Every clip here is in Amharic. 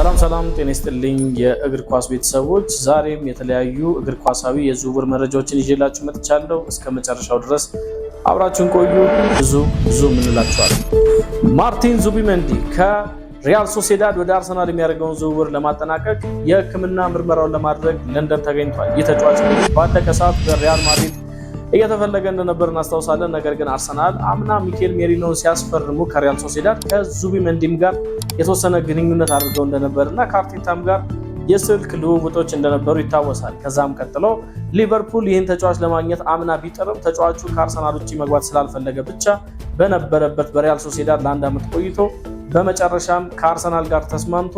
ሰላም ሰላም፣ ጤና ይስጥልኝ የእግር ኳስ ቤተሰቦች፣ ዛሬም የተለያዩ እግር ኳሳዊ የዝውውር መረጃዎችን ይዤላችሁ መጥቻለሁ። እስከ መጨረሻው ድረስ አብራችሁን ቆዩ። ብዙ ብዙ ምንላችኋል። ማርቲን ዙቢመንዲ ከሪያል ሶሴዳድ ወደ አርሰናል የሚያደርገውን ዝውውር ለማጠናቀቅ የሕክምና ምርመራውን ለማድረግ ለንደን ተገኝቷል። ይህ ተጫዋች ባለቀ ሰዓት በሪያል ማ እየተፈለገ እንደነበር እናስታውሳለን። ነገር ግን አርሰናል አምና ሚኬል ሜሪኖን ሲያስፈርሙ ከሪያል ሶሴዳድ መንዲም ጋር የተወሰነ ግንኙነት አድርገው እንደነበር እና ከአርቴታም ጋር የስልክ ልውውጦች እንደነበሩ ይታወሳል። ከዛም ቀጥሎ ሊቨርፑል ይህን ተጫዋች ለማግኘት አምና ቢጥርም ተጫዋቹ ከአርሰናል ውጭ መግባት ስላልፈለገ ብቻ በነበረበት በሪያል ሶሴዳድ ለአንድ ዓመት ቆይቶ በመጨረሻም ከአርሰናል ጋር ተስማምቶ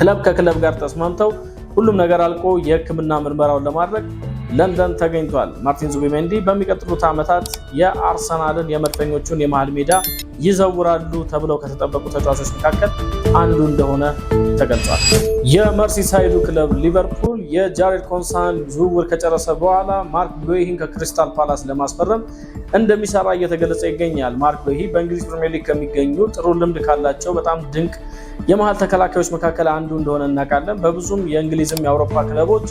ክለብ ከክለብ ጋር ተስማምተው ሁሉም ነገር አልቆ የሕክምና ምርመራውን ለማድረግ ለንደን ተገኝቷል። ማርቲን ዙቢሜንዲ በሚቀጥሉት ዓመታት የአርሰናልን የመድፈኞቹን የመሃል ሜዳ ይዘውራሉ ተብለው ከተጠበቁ ተጫዋቾች መካከል አንዱ እንደሆነ ተገልጿል። የመርሲሳይዱ ክለብ ሊቨርፑል የጃሬድ ኮንሳን ዝውውር ከጨረሰ በኋላ ማርክ ሎይሂን ከክሪስታል ፓላስ ለማስፈረም እንደሚሰራ እየተገለጸ ይገኛል። ማርክ ሎይሂ በእንግሊዝ ፕሪምየር ሊግ ከሚገኙ ጥሩ ልምድ ካላቸው በጣም ድንቅ የመሀል ተከላካዮች መካከል አንዱ እንደሆነ እናውቃለን። በብዙም የእንግሊዝም የአውሮፓ ክለቦች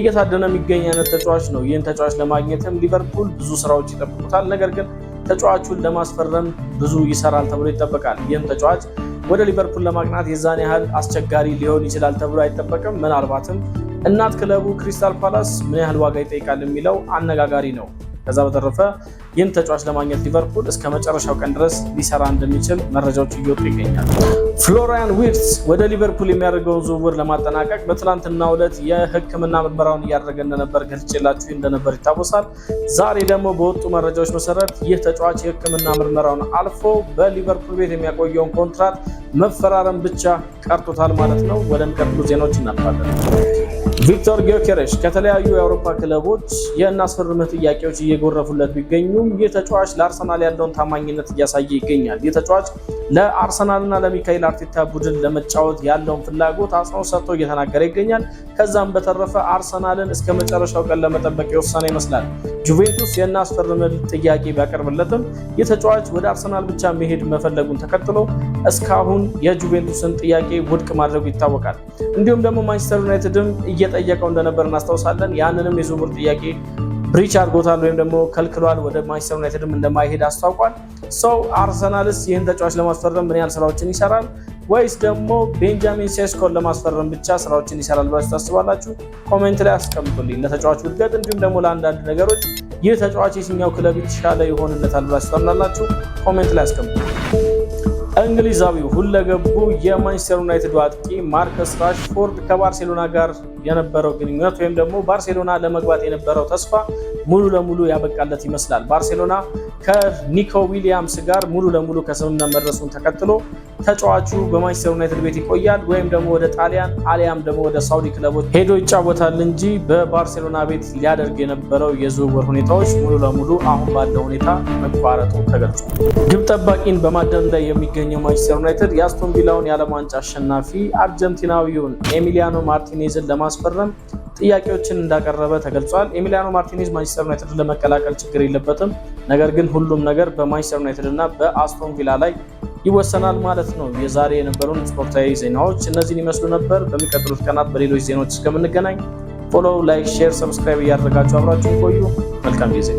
እየታደነ የሚገኝ አይነት ተጫዋች ነው። ይህን ተጫዋች ለማግኘትም ሊቨርፑል ብዙ ስራዎች ይጠብቁታል። ነገር ግን ተጫዋቹን ለማስፈረም ብዙ ይሰራል ተብሎ ይጠበቃል። ይህም ተጫዋች ወደ ሊቨርፑል ለማቅናት የዛን ያህል አስቸጋሪ ሊሆን ይችላል ተብሎ አይጠበቅም። ምናልባትም እናት ክለቡ ክሪስታል ፓላስ ምን ያህል ዋጋ ይጠይቃል የሚለው አነጋጋሪ ነው። ከዛ በተረፈ ይህን ተጫዋች ለማግኘት ሊቨርፑል እስከ መጨረሻው ቀን ድረስ ሊሰራ እንደሚችል መረጃዎች እየወጡ ይገኛሉ። ፍሎሪያን ዊርትስ ወደ ሊቨርፑል የሚያደርገውን ዝውውር ለማጠናቀቅ በትናንትናው ዕለት የሕክምና ምርመራውን እያደረገ እንደነበር ገልጬላችሁ እንደነበር ይታወሳል። ዛሬ ደግሞ በወጡ መረጃዎች መሰረት ይህ ተጫዋች የሕክምና ምርመራውን አልፎ በሊቨርፑል ቤት የሚያቆየውን ኮንትራት መፈራረም ብቻ ቀርቶታል ማለት ነው። ወደሚቀጥሉ ዜናዎች እናልፋለን። ቪክቶር ጊዮኬሬሽ ከተለያዩ የአውሮፓ ክለቦች የእናስፈርምህ ጥያቄዎች እየጎረፉለት ቢገኙም ይህ ተጫዋች ለአርሰናል ያለውን ታማኝነት እያሳየ ይገኛል። ይህ ተጫዋች ለአርሰናልና ለሚካኤል አርቴታ ቡድን ለመጫወት ያለውን ፍላጎት አጽንኦት ሰጥቶ እየተናገረ ይገኛል። ከዛም በተረፈ አርሰናልን እስከ መጨረሻው ቀን ለመጠበቅ የወሰነ ይመስላል። ጁቬንቱስ የናስፈርመን ጥያቄ ቢያቀርብለትም የተጫዋች ወደ አርሰናል ብቻ መሄድ መፈለጉን ተከትሎ እስካሁን የጁቬንቱስን ጥያቄ ውድቅ ማድረጉ ይታወቃል። እንዲሁም ደግሞ ማንቸስተር ዩናይትድም እየጠየቀው እንደነበር እናስታውሳለን። ያንንም የዝውውር ጥያቄ ብሪች አድርጎታል ወይም ደግሞ ከልክሏል፣ ወደ ማንቸስተር ዩናይትድም እንደማይሄድ አስታውቋል። ሰው አርሰናልስ ይህን ተጫዋች ለማስፈረም ምን ያህል ስራዎችን ይሰራል ወይስ ደግሞ ቤንጃሚን ሴስኮን ለማስፈረም ብቻ ስራዎችን ይሰራል ብላችሁ ታስባላችሁ? ኮሜንት ላይ አስቀምጡልኝ። ለተጫዋቹ እድገት እንዲሁም ደግሞ ለአንዳንድ ነገሮች ይህ ተጫዋች የትኛው ክለብ የተሻለ ይሆንለታል ብላችሁ ታምናላችሁ? ኮሜንት ላይ አስቀምጡ። እንግሊዛዊው ሁለገቡ የማንቸስተር ዩናይትድ አጥቂ ማርከስ ራሽፎርድ ከባርሴሎና ጋር የነበረው ግንኙነት ወይም ደግሞ ባርሴሎና ለመግባት የነበረው ተስፋ ሙሉ ለሙሉ ያበቃለት ይመስላል። ባርሴሎና ከኒኮ ዊሊያምስ ጋር ሙሉ ለሙሉ ከስምምነት መድረሱን ተከትሎ ተጫዋቹ በማንቸስተር ዩናይትድ ቤት ይቆያል ወይም ደግሞ ወደ ጣሊያን አሊያም ደግሞ ወደ ሳውዲ ክለቦች ሄዶ ይጫወታል እንጂ በባርሴሎና ቤት ሊያደርግ የነበረው የዝውውር ሁኔታዎች ሙሉ ለሙሉ አሁን ባለው ሁኔታ መቋረጡ ተገልጿል። ግብ ጠባቂን በማደን ላይ የሚገኘው ማንቸስተር ዩናይትድ የአስቶን ቪላውን የዓለም ዋንጫ አሸናፊ አርጀንቲናዊውን ኤሚሊያኖ ማርቲኔዝን ለማ ለማስፈረም ጥያቄዎችን እንዳቀረበ ተገልጿል። ኤሚሊያኖ ማርቲኔዝ ማንቸስተር ዩናይትድን ለመቀላቀል ችግር የለበትም፣ ነገር ግን ሁሉም ነገር በማንቸስተር ዩናይትድ እና በአስቶን ቪላ ላይ ይወሰናል ማለት ነው። የዛሬ የነበሩን ስፖርታዊ ዜናዎች እነዚህን ይመስሉ ነበር። በሚቀጥሉት ቀናት በሌሎች ዜናዎች እስከምንገናኝ ፎሎው፣ ላይክ፣ ሼር፣ ሰብስክራይብ እያደረጋችሁ አብራችሁ ቆዩ። መልካም ጊዜ